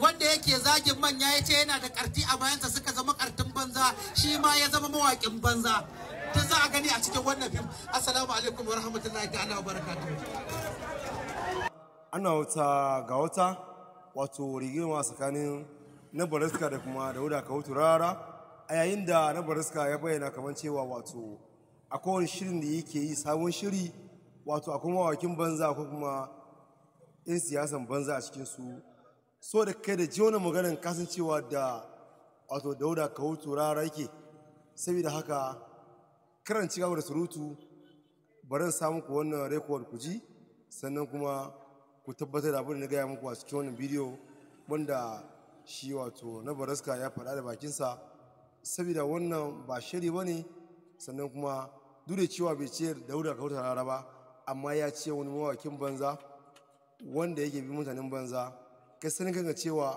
wanda yake zagin manya ya ce yana da karti a bayansa suka zama kartin banza shi ma ya zama mawaƙin banza ta za a gani a cikin wannan fim assalamu alaikum wa rahmatullahi ta'ala wa barakatuhu ana wata ga wata wato rigima tsakanin na bariska da kuma da wuda ka wuta rara a yayin da na bariska ya bayyana kamar cewa wato a shirin da yake yi sabon shiri wato a mawakin banza ko kuma 'yan siyasan banza a cikin su so da kai da ji wani maganin kasancewa da wato dauda ka hutu rara yake saboda haka karanci ci gaba da surutu barin samu ku wannan rekod ku ji sannan kuma ku tabbatar da abin da na gaya muku a cikin wannan bidiyo wanda shi wato na baraska ya faɗa da bakinsa saboda wannan ba shiri ba ne sannan kuma duk da cewa bai ce dauda ka hutu rara ba amma ya ce wani mawakin banza wanda yake bi mutanen banza 给司令，哥哥计划。